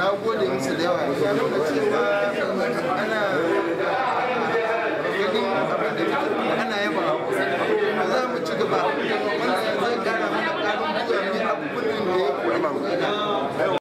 na gode musu da yawa ya nuna cewa ana ganin abin da ana yaba ba za mu ci gaba wannan zai kara mana karin gwiwa ne abubuwan da ya kuma